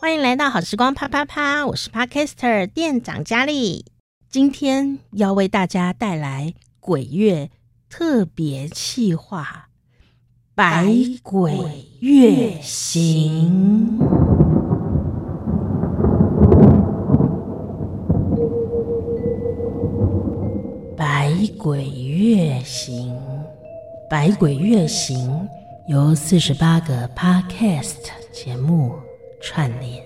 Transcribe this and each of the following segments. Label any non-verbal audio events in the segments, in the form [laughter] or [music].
歡迎來到好時光啪啪啪，我是帕 o d c s t e r 店長佳麗，今天要為大家帶來鬼月特別企劃《百鬼月行》。《百鬼月行》，《百鬼月行》由四十八個帕 o d c s t 節目串聯，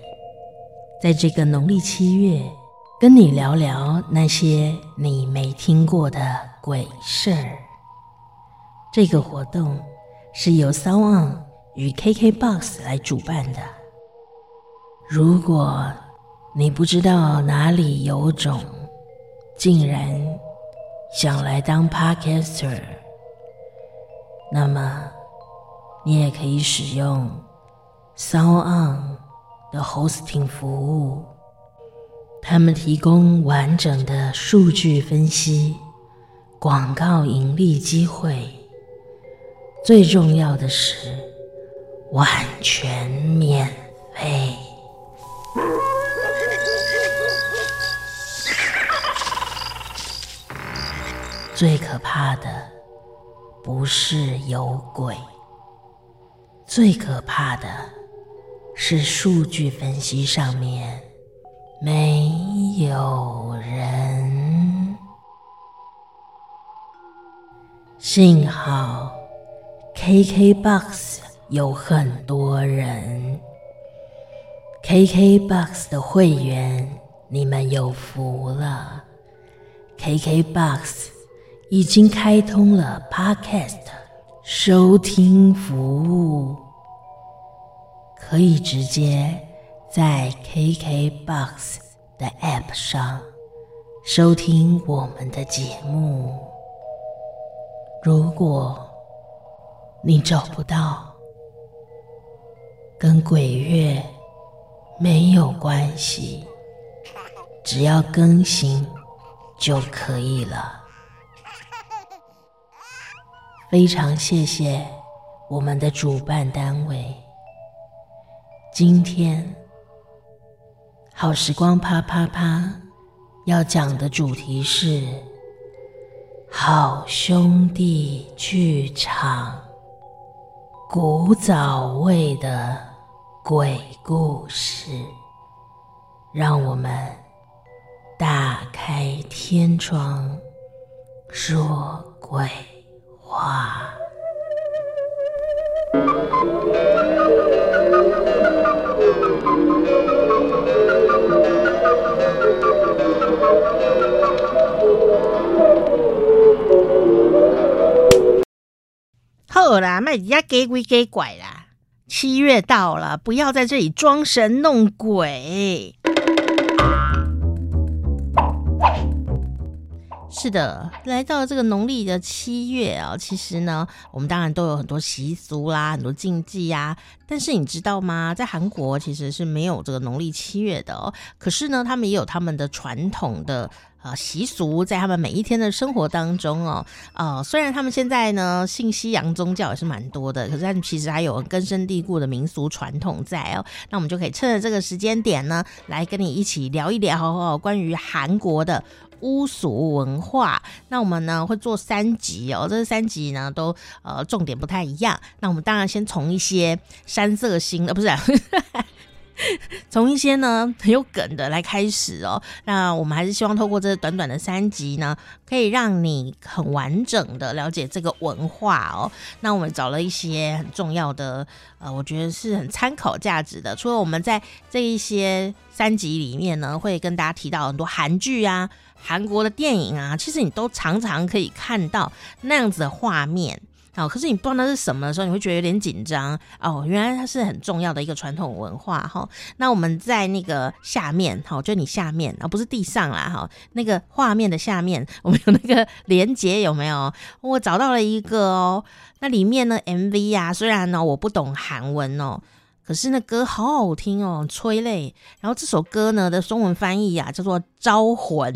在這個農曆七月，跟你聊聊那些你沒聽過的鬼事兒。這個活動是由 SoundOn 與 KKBOX 來主辦的。如果你不知道哪裡有種，竟然想來當 podcaster，那麼你也可以使用。SoundOn 的 hosting 服務，他們提供完整的數據分析、廣告盈利機會。最重要的是，完全免費。最可怕的不是有鬼，最可怕的。是數據分析上面沒有人，幸好 KKBOX 有很多人，KKBOX 的會員，你們有福了。KKBOX 已經開通了 Podcast 收聽服務。可以直接在 KKBOX 的 App 上收聽我們的節目。如果你找不到，跟鬼月沒有關係，只要更新就可以了。非常謝謝我們的主辦單位。今天，好時光啪啪啪要講的主題是《好兄弟劇場》古早味的鬼故事，讓我們打開天窗說鬼話。好啦！別在這裡假鬼假怪啦。七月到了，不要在這裡裝神弄鬼。是的，來到這個農曆的七月啊、喔，其實呢，我們當然都有很多習俗啦，很多禁忌呀、啊。但是你知道嗎？在韓國其實是沒有這個農曆七月的、喔。可是呢，他們也有他們的傳統的。呃，習俗在他們每一天的生活當中哦，呃，雖然他們現在呢，信西洋宗教也是蠻多的，可是他們其實還有根深蒂固的民俗傳統在哦。那我們就可以趁着這個時間點呢，來跟你一起聊一聊哦，關於韓國的巫俗文化。那我們呢會做三集哦，這三集呢都呃重點不太一樣。那我們當然先從一些山色星呃，不是、啊 [laughs] 從一些呢很有梗的來開始哦，那我們還是希望透過這短短的三集呢，可以讓你很完整的了解這個文化哦。那我們找了一些很重要的，呃，我覺得是很參考價值的。除了我們在這一些三集裡面呢，會跟大家提到很多韓劇啊、韓國的電影啊，其實你都常常可以看到那樣子的畫面。哦，可是你不知道那是什麼的時候，你會覺得有點緊張。哦，原來它是很重要的一個傳統文化哈、哦。那我們在那個下面，好、哦，就你下面啊、哦，不是地上啦哈、哦。那個畫面的下面，我們有那個連接有沒有？我找到了一個哦。那裡面呢，MV 呀、啊，雖然呢、哦、我不懂韓文哦，可是那歌好好聽哦，催淚。然後這首歌呢的中文翻譯啊叫做《招魂》，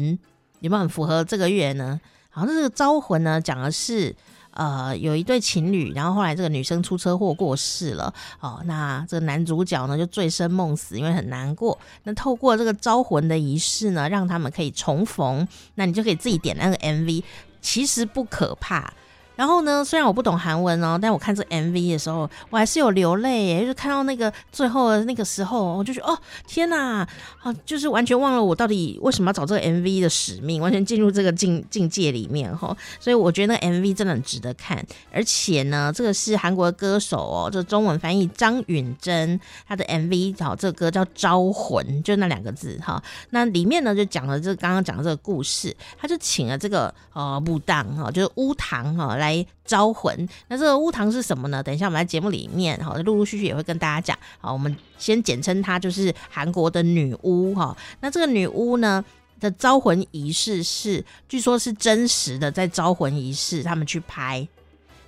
有沒有很符合這個月呢？好，那這個《招魂》呢講的是。呃，有一對情侶，然後後來這個女生出車禍過世了，哦，那這個男主角呢就醉生夢死，因為很難過。那透過這個招魂的儀式呢，讓他們可以重逢。那你就可以自己點那個 MV，其實不可怕。然後呢？雖然我不懂韓文哦，但我看這 MV 的時候，我還是有流淚。就就看到那個最後的那個時候，我就覺得哦，天哪！哦、啊，就是完全忘了我到底為什麼要找這個 MV 的使命，完全進入這個境境界裡面哈、哦。所以我覺得那 MV 真的很值得看。而且呢，這個是韓國的歌手哦，這中文翻譯張允珍他的 MV 找這個、歌叫《招魂》，就那兩個字哈、哦。那裡面呢，就講了這剛剛講的這個故事，他就請了這個呃、哦、巫堂哈、哦，就是烏堂哈來。哦來招魂，那這個巫堂是什麼呢？等一下我們在節目裡面哈，陸陸續續也會跟大家講。好，我們先簡稱它就是韓國的女巫哈。那這個女巫呢的招魂儀式是，據說是真實的，在招魂儀式他們去拍。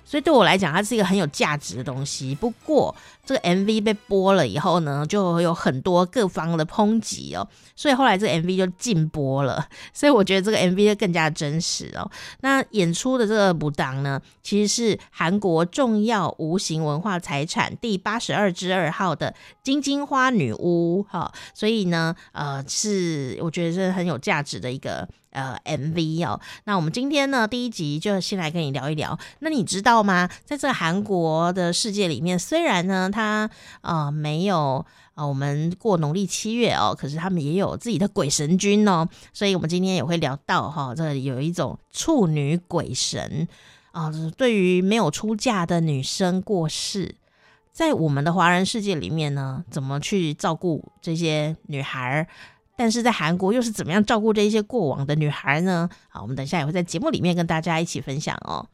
所以對我來講，它是一個很有價值的東西。不過這個 MV 被播了以後呢，就有很多各方的抨擊哦。所以後來這個 MV 就禁播了。所以我覺得這個 MV 就更加的真實哦。那演出的這個巫堂呢，其實是韓國重要無形文化財產第八十二之二號的金金花女巫哈、哦。所以呢，呃，是我覺得是很有價值的一個。呃，MV 哦，那我們今天呢，第一集就先來跟你聊一聊。那你知道嗎？在這韓國的世界裡面，雖然呢，他啊、呃、沒有啊、呃，我們過農曆七月哦，可是他們也有自己的鬼神君哦。所以，我們今天也會聊到哈、哦，這裡有一種處女鬼神啊、呃，對於沒有出嫁的女生過世，在我們的華人世界裡面呢，怎麼去照顧這些女孩兒？但是在韓國又是怎麼樣照顧這些過往的女孩呢？好，我們等一下也會在節目裡面跟大家一起分享哦。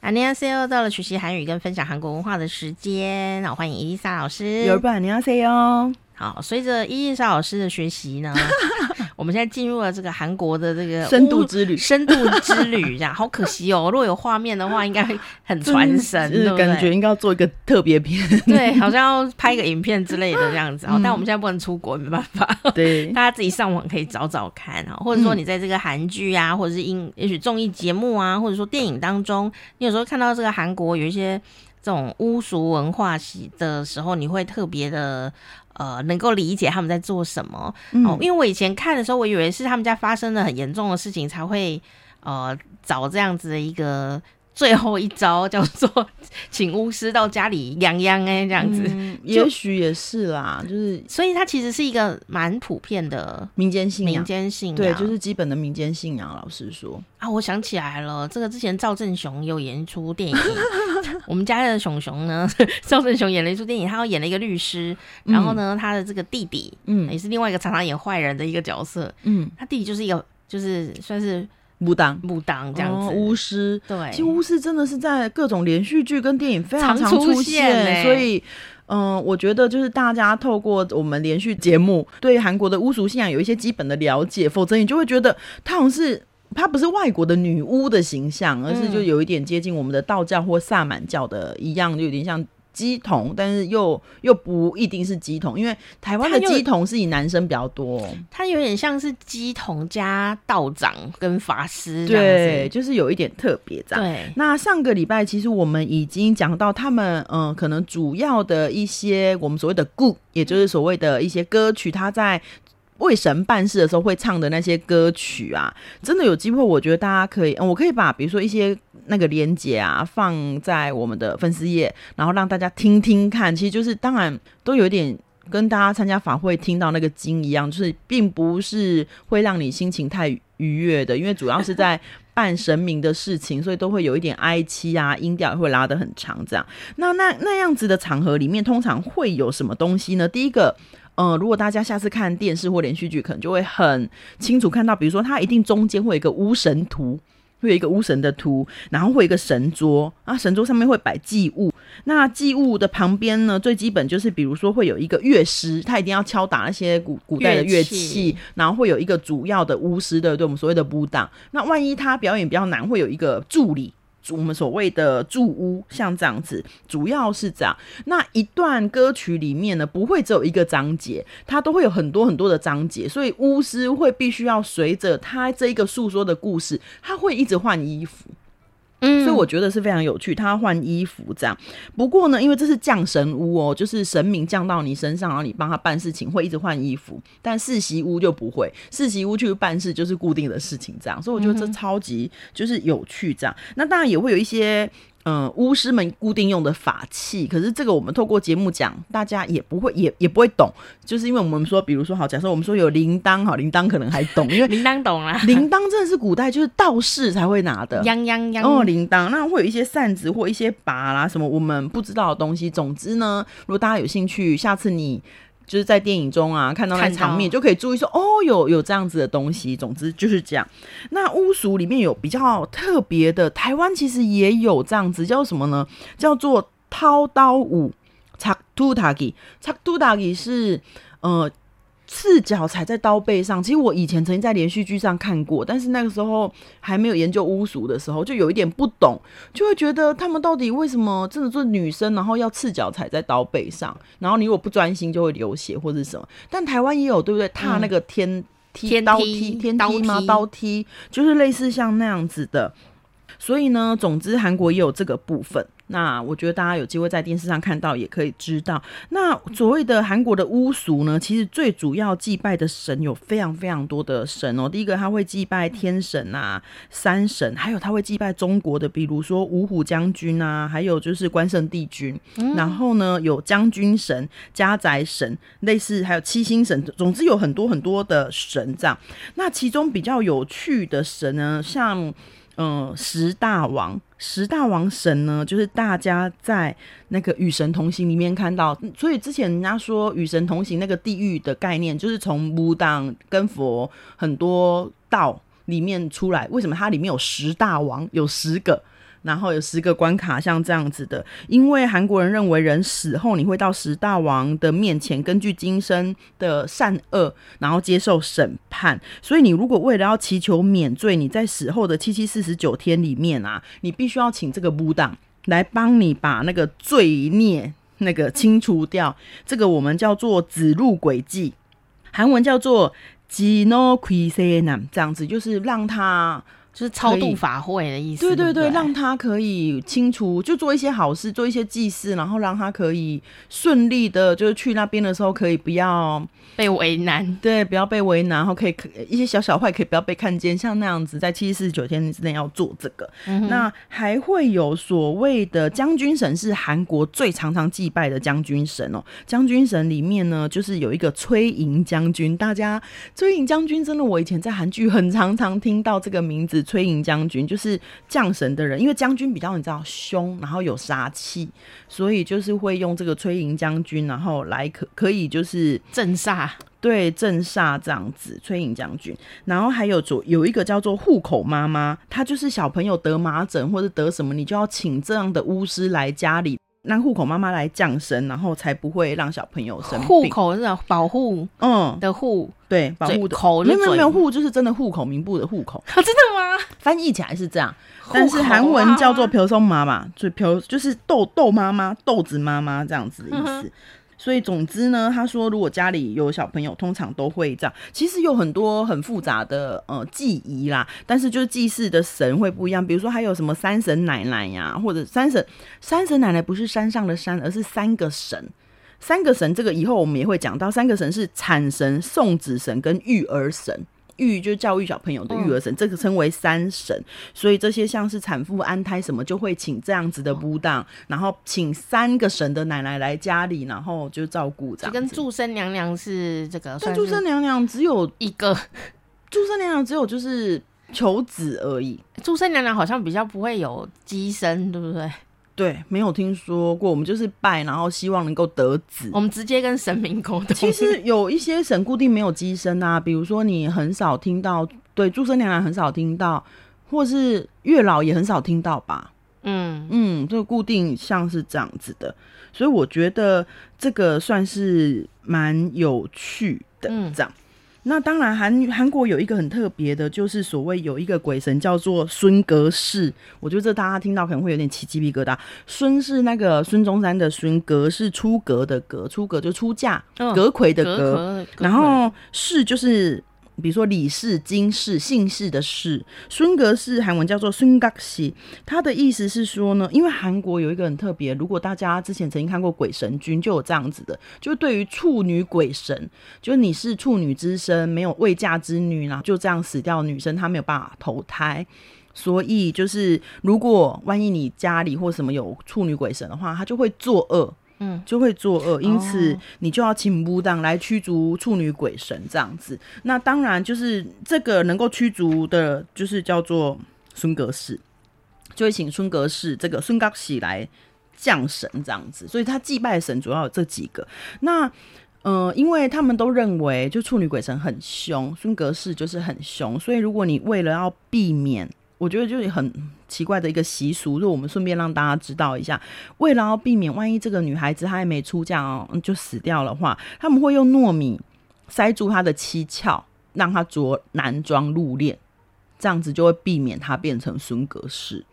阿尼亞塞歐，到了學習韓語跟分享韓國文化的時間，好，歡迎伊麗莎老師。有尤巴尼亞塞歐，好，隨着伊麗莎老師的學習呢。 [laughs] 我們現在進入了這個韓國的這個深度之旅，深度之旅，這樣好可惜哦！如果有畫面的話，應該很傳神，是感覺應該要做一個特別片。對，好像要拍一個影片之類的這樣子。嗯、但我們現在不能出國，沒辦法。對，大家自己上網可以找找看，或者說你在這個韓劇啊，或者是英，也許綜藝節目啊，或者說電影當中，你有時候看到這個韓國有一些。這種巫俗文化的時候，你會特別的呃，能夠理解他們在做什麼。嗯。哦，因為我以前看的時候，我以為是他們家發生了很嚴重的事情，才會呃找這樣子的一個。最後一招叫做請巫師到家裡養養哎，這樣子、嗯，就也許也是啦，就是所以它其實是一個蠻普遍的民間信仰，民間信仰對，就是基本的民間信仰。老實說啊，我想起來了，這個之前趙正雄有演出電影， [laughs] 我們家的熊熊呢，趙正雄演了一出電影，他又演了一個律師，然後呢，嗯、他的這個弟弟，嗯，也是另外一個常常演壞人的一個角色，嗯，他弟弟就是一個，就是算是。巫堂巫堂這樣子、哦、巫師對，其實巫師真的是在各種連續劇跟電影非常常出現，出現欸、所以，嗯、呃，我覺得就是大家透過我們連續節目，對韓國的巫俗信仰有一些基本的了解，否則你就會覺得他好像是，他不是外國的女巫的形象，而是就有一點接近我們的道教或薩滿教的一樣，就有點像。乩童，但是又又不一定是乩童，因為台灣的乩童是以男生比較多。它，它有點像是乩童加道長跟法師這樣子，對，就是有一點特別的。對。那上個禮拜其實我們已經講到，他們嗯，可能主要的一些我們所謂的 good，也就是所謂的一些歌曲，他在為神辦事的時候會唱的那些歌曲啊，真的有機會，我覺得大家可以、嗯，我可以把比如說一些。那個連接啊，放在我們的粉絲頁，然後讓大家聽聽看。其實就是，當然都有一點跟大家參加法會聽到那個經一樣，就是並不是會讓你心情太愉悅的，因為主要是在辦神明的事情，所以都會有一點哀戚啊，音調也會拉得很長這樣。那那那樣子的場合裡面，通常會有什麼東西呢？第一個，呃，如果大家下次看電視或連續劇，可能就會很清楚看到，比如說它一定中間會有一個巫神圖。會有一個巫神的圖，然後會有一個神桌啊，神桌上面會擺祭物。那祭物的旁邊呢，最基本就是，比如說會有一個樂師，他一定要敲打那些古古代的樂器，樂器，然後會有一個主要的巫師的，對我們所謂的巫堂。那萬一他表演比較難，會有一個助理。我們所謂的住屋，像這樣子，主要是這樣。那一段歌曲裡面呢，不會只有一個章節，它都會有很多很多的章節，所以巫師會必須要隨着他這一個訴說的故事，他會一直換衣服。嗯、所以我覺得是非常有趣，他要換衣服這樣。不過呢，因為這是降神巫哦、喔，就是神明降到你身上，然後你幫他辦事情，會一直換衣服。但世襲巫就不會，世襲巫去辦事就是固定的事情這樣。所以我覺得這超級就是有趣這樣。嗯、哼那當然也會有一些。嗯、呃，巫師們固定用的法器，可是這個我們透過節目講，大家也不會也也不會懂，就是因為我們說，比如說好，假設我們說有鈴鐺，好，鈴鐺可能還懂，因為鈴鐺 [laughs] 懂啦、啊，鈴鐺真的是古代就是道士才會拿的，鐺鐺鐺哦，鈴鐺，那會有一些扇子或一些把啦什麼我們不知道的東西，總之呢，如果大家有興趣，下次你。就是在電影中啊看到那場面，到就可以注意說哦，有有這樣子的東西。總之就是這樣。那巫俗裡面有比較特別的，台灣其實也有這樣子，叫什麼呢？叫做掏刀舞，tak tutaki，tak tutaki 是呃。赤腳踩在刀背上，其實我以前曾經在連續劇上看過，但是那個時候還沒有研究巫俗的時候，就有一點不懂，就會覺得他們到底為什麼真的做女生，然後要赤腳踩在刀背上，然後你如果不專心就會流血或者什麼。但台灣也有對不對？踏那個天梯、嗯、刀梯、天梯嗎？刀梯，刀梯，刀梯就是類似像那樣子的。所以呢，總之韓國也有這個部分。那我覺得大家有機會在電視上看到，也可以知道。那所謂的韓國的巫俗呢，其實最主要祭拜的神有非常非常多的神哦、喔。第一個他會祭拜天神啊、山神，還有他會祭拜中國的，比如說五虎將軍啊，還有就是關聖帝君。嗯、然後呢，有將軍神、家宅神，類似還有七星神，總之有很多很多的神這樣。那其中比較有趣的神呢，像嗯，十大王，十大王神呢，就是大家在那個《與神同行》裡面看到，所以之前人家說《與神同行》那個地獄的概念，就是從巫堂跟佛很多道裡面出來。為什麼它裡面有十大王，有十個？然後有十個關卡，像這樣子的。因為韓國人認為人死後你會到十大王的面前，根據今生的善惡，然後接受審判。所以你如果為了要祈求免罪，你在死後的七七四十九天裡面啊，你必須要請這個巫堂來幫你把那個罪孽那個清除掉。嗯、這個我們叫做指路軌跡，韓文叫做 Gino Quisenum 這樣子就是讓他。就是超度法會的意思。對對對，對對讓他可以清除，就做一些好事，做一些祭祀，然後讓他可以順利的，就是去那邊的時候，可以不要被為難。對，不要被為難，然後可以一些小小壞可以不要被看見。像那樣子，在七七四十九天之內要做這個。嗯、哼那還會有所謂的將軍神，是韓國最常常祭拜的將軍神哦、喔。將軍神裡面呢，就是有一個崔瑩將軍。大家崔瑩將軍真的，我以前在韓劇很常常聽到這個名字。崔瑩將軍就是降神的人，因為將軍比較你知道兇，然後有殺氣，所以就是會用這個崔瑩將軍，然後來可可以就是鎮煞，對，鎮煞這樣子。崔瑩將軍，然後還有左有一個叫做戶口媽媽，她，就是小朋友得麻疹或者得什麼，你就要請這樣的巫師來家裡。讓戶口媽媽來降生，然後才不會讓小朋友生病。戶口是吧？保護，嗯，的戶戶對，保護的，的沒有沒有戶，就是真的戶口名簿的戶口。啊，真的嗎？翻譯起來是這樣，啊、但是韓文叫做朴松媽媽，就是朴就是豆豆媽媽，豆子媽媽這樣子的意思。嗯所以，總之呢，他說，如果家裡有小朋友，通常都會這樣。其實有很多很複雜的呃祭儀啦，但是就是祭祀的神會不一樣。比如說，還有什麼三神奶奶呀、啊，或者三神、三神奶奶不是山上的山，而是三個神，三個神。這個以後我們也會講到，三個神是產神、送子神跟育兒神。育就教育小朋友的育兒神，嗯、這個稱為三神，所以這些像是產婦安胎什麼，就會請這樣子的巫堂，哦、然後請三個神的奶奶來家裡，然後就照顧着。就跟祝生娘娘是這個，但祝生娘娘只有一個，祝生娘娘只有就是求子而已，祝生娘娘好像比較不會有乩身，對不對？對，沒有聽說過，我們就是拜，然後希望能夠得子。我們直接跟神明溝通。其實有一些神固定沒有乩身啊， [laughs] 比如說你很少聽到，對，註生娘娘很少聽到，或是月老也很少聽到吧。嗯嗯，這個固定像是這樣子的，所以我覺得這個算是蠻有趣的，嗯、這樣。那當然韓，韓韓國有一個很特別的，就是所謂有一個鬼神叫做孫閣氏。我覺得這大家聽到可能會有點起雞皮疙瘩。孫是那個孫中山的孫，閣是出閣的閣，出閣就出嫁，哦、閣揆的閣。閣閣閣然後氏就是。比如說李氏、金氏、姓氏的氏，孫閣氏韓文叫做孫閣氏，他的意思是說呢，因為韓國有一個很特別，如果大家之前曾經看過《鬼神君》，就有這樣子的，就對於處女鬼神，就是你是處女之身，沒有未嫁之女呢，就這樣死掉的女生她沒有辦法投胎，所以就是如果萬一你家裡或什麼有處女鬼神的話，她就會作惡。嗯，就會作惡，因此你就要請巫堂來驅逐處女鬼神這樣子。那當然就是這個能夠驅逐的，就是叫做孫閣氏，就會請孫閣氏，這個孫閣氏來降神這樣子。所以他祭拜神主要有這幾個。那呃，因為他們都認為就處女鬼神很凶，孫閣氏就是很凶，所以如果你為了要避免。我覺得就是很奇怪的一個習俗，就我們順便讓大家知道一下，為了要避免萬一這個女孩子她還沒出嫁哦就死掉的話，他們會用糯米塞住她的七竅，讓她着男裝入殮，這樣子就會避免她變成孫閣氏，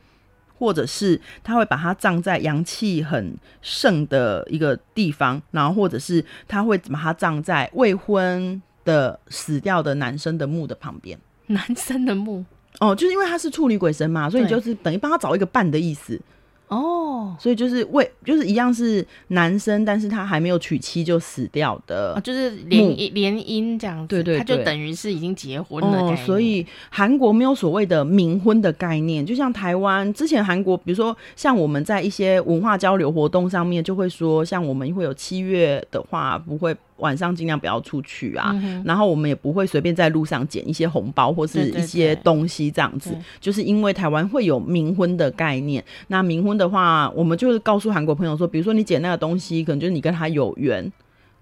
或者是她會把她葬在陽氣很盛的一個地方，然後或者是她會把她葬在未婚的死掉的男生的墓的旁邊，男生的墓。哦，就是因為他是處女鬼神嘛，所以就是等於幫他找一個伴的意思，哦對，所以就是為就是一樣是男生，但是他還沒有娶妻就死掉的，啊，就是聯姻聯姻這樣子，對，對對，他就等於是已經結婚了，嗯，所以韓國沒有所謂的冥婚的概念，就像台灣之前韓國，比如說像我們在一些文化交流活動上面就會說，像我們會有七月的話不會。晚上盡量不要出去啊，嗯、哼然後我們也不會隨便在路上撿一些紅包或是一些東西這樣子，對對對，就是因為台灣會有冥婚的概念。嗯、那冥婚的話，我們就是告訴韓國朋友說，比如說你撿那個東西，可能就是你跟他有緣，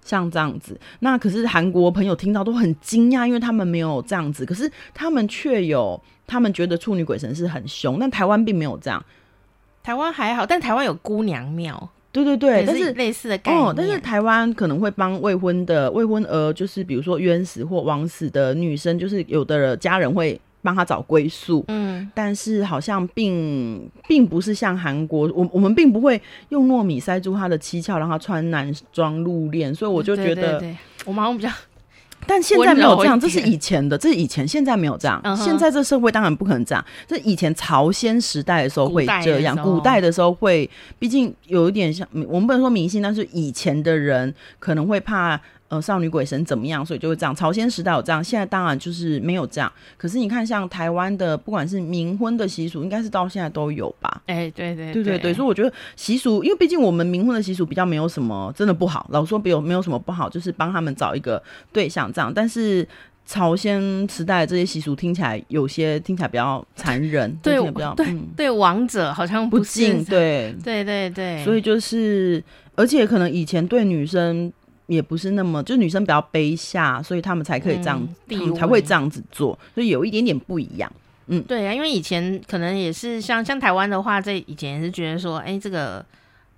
像這樣子。那可是韓國朋友聽到都很驚訝，因為他們沒有這樣子，可是他們卻有，他們覺得處女鬼神是很凶，但台灣并沒有這樣，台灣還好，但台灣有姑娘廟。對對對，但是類似的概念，但是，哦、但是台灣可能會幫未婚的未婚兒，就是比如說冤死或枉死的女生，就是有的家人會幫她找歸宿，嗯，但是好像並並不是像韓國，我們我們並不會用糯米塞住她的七竅，讓她穿男裝入殮。所以我就覺得、嗯、對對對我們好像比較。但現在沒有這樣，這是以前的，這是以前，現在沒有這樣。現在這社會當然不可能這樣。這以前朝鮮時代的時候會這樣，古代的時候會，畢竟有一點像，我們不能說迷信，但是以前的人可能會怕。呃，少女鬼神怎麼樣？所以就會這樣。朝鮮時代有這樣，現在當然就是沒有這樣。可是你看，像台灣的，不管是冥婚的習俗，應該是到現在都有吧？哎、欸，對對對，對對對。所以我覺得習俗，因為畢竟我們冥婚的習俗比較沒有什麼真的不好，老實說沒有沒有什麼不好，就是幫他們找一個對象這樣。但是朝鮮時代的這些習俗聽起來有些聽起來比較殘忍，對對對，亡者好像不敬，對對對對，所以就是而且可能以前對女生。也不是那麼，就女生比較卑下，所以他們才可以這樣，嗯、才會這樣子做，所以有一點點不一樣。嗯，對啊，因為以前可能也是像像台灣的話，在以前也是覺得說，哎、欸，這個。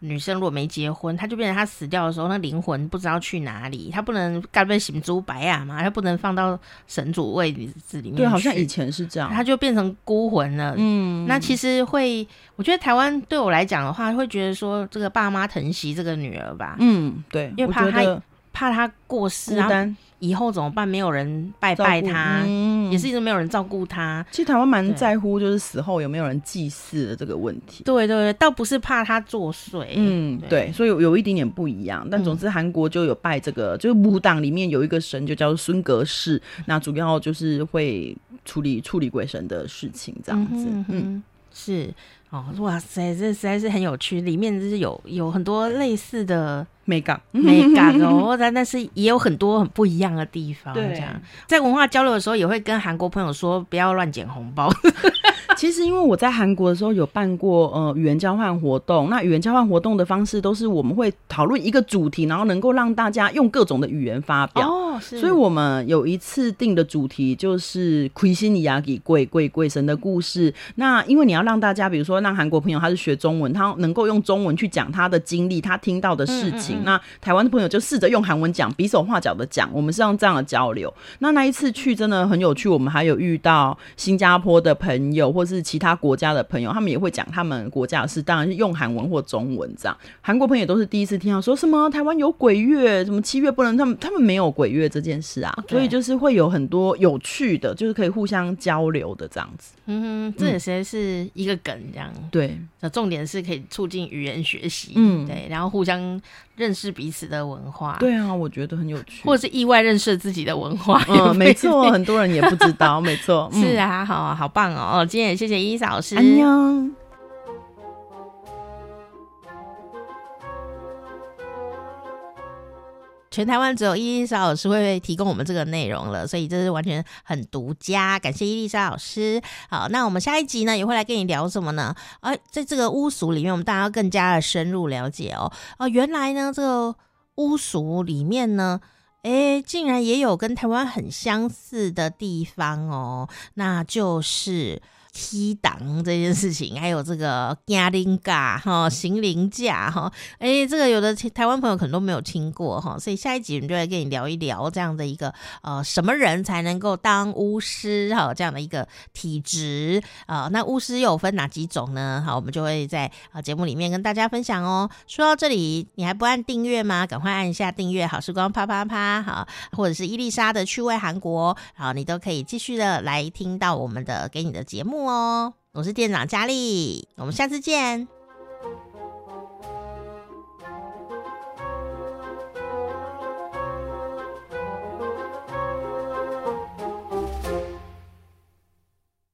女生如果沒結婚，她就變成她死掉的時候，那靈魂不知道去哪裡，她不能蓋被行豬白啊嘛，她不能放到神主位子裡面。對，好像以前是這樣。她就變成孤魂了。嗯，那其實會，我覺得台灣對我來講的話，會覺得說，這個爸媽疼惜這個女兒吧。嗯，對，因為怕她怕她過世，孤單。以後怎麼辦？沒有人拜拜他，嗯、也是一直沒有人照顧他。其實台灣蠻在乎，就是死後有沒有人祭祀的這個問題。對，對對，倒不是怕他作祟。嗯，對，對，所以有，有一點點不一樣。但總之，韓國就有拜這個，嗯、就是巫堂裡面有一個神，就叫做孫閣氏。那主要就是會處理處理鬼神的事情，這樣子。嗯，哼嗯，哼嗯，是哦，哇塞，這實在是很有趣。裡面就是有有很多類似的。嗯嗯、美感格，美感哦，但、嗯、但是也有很多很不一樣的地方。對，這樣在文化交流的時候，也會跟韓國朋友說不要亂撿紅包。 [laughs] 其實，因為我在韓國的時候有辦過呃語言交換活動，那語言交換活動的方式都是我們會討論一個主題，然後能夠讓大家用各種的語言發表。哦，是。所以我們有一次定的主題就是《奎西尼亞給鬼鬼鬼神的故事》。那因為你要讓大家，比如說讓韓國朋友他是學中文，他能夠用中文去講他的經歷，他聽到的事情。嗯嗯那台灣的朋友就試着用韓文講，比手畫腳的講，我們是用這樣的交流。那那一次去真的很有趣，我們還有遇到新加坡的朋友，或是其他國家的朋友，他們也會講他們國家的事，當然是用韓文或中文這樣。韓國朋友都是第一次聽到說什麼台灣有鬼月，什麼七月不能，他們他們沒有鬼月這件事啊，Okay. 所以就是會有很多有趣的，就是可以互相交流的這樣子。嗯哼，這也其實是一個梗這樣。對，那重點是可以促進語言學習，嗯，對，然後互相。認識彼此的文化，對啊，我覺得很有趣，或者是意外認識自己的文化，沒錯，很多人也不知道， [laughs] 沒錯，嗯、是啊，好啊，好棒哦！今天也謝謝伊伊老師。全台灣只有伊麗莎老師會提供我們這個內容了，所以這是完全很獨家。感謝伊麗莎老師。好，那我們下一集呢，也會來跟你聊什麼呢？啊，在這個巫俗裡面，我們大家要更加的深入了解哦。啊，原來呢，這個巫俗裡面呢，哎，竟然也有跟台灣很相似的地方哦，那就是。踢襠這件事情，還有這個加零價哈，行靈價哈，誒、喔喔欸，這個有的台灣朋友可能都沒有聽過哈、喔，所以下一集我們就來跟你聊一聊這樣的一個呃，什麼人才能夠當巫師哈、喔，這樣的一個體質啊、喔，那巫師又分哪幾種呢？好、喔，我們就會在啊節、喔、目裡面跟大家分享哦、喔。說到這裡，你還不按訂閱嗎？趕快按一下訂閱，好時光啪啪啪哈，或者是伊麗莎的趣味韓國，好，你都可以繼續的來聽到我們的給你的節目。哦，我是店長佳麗，我們下次見。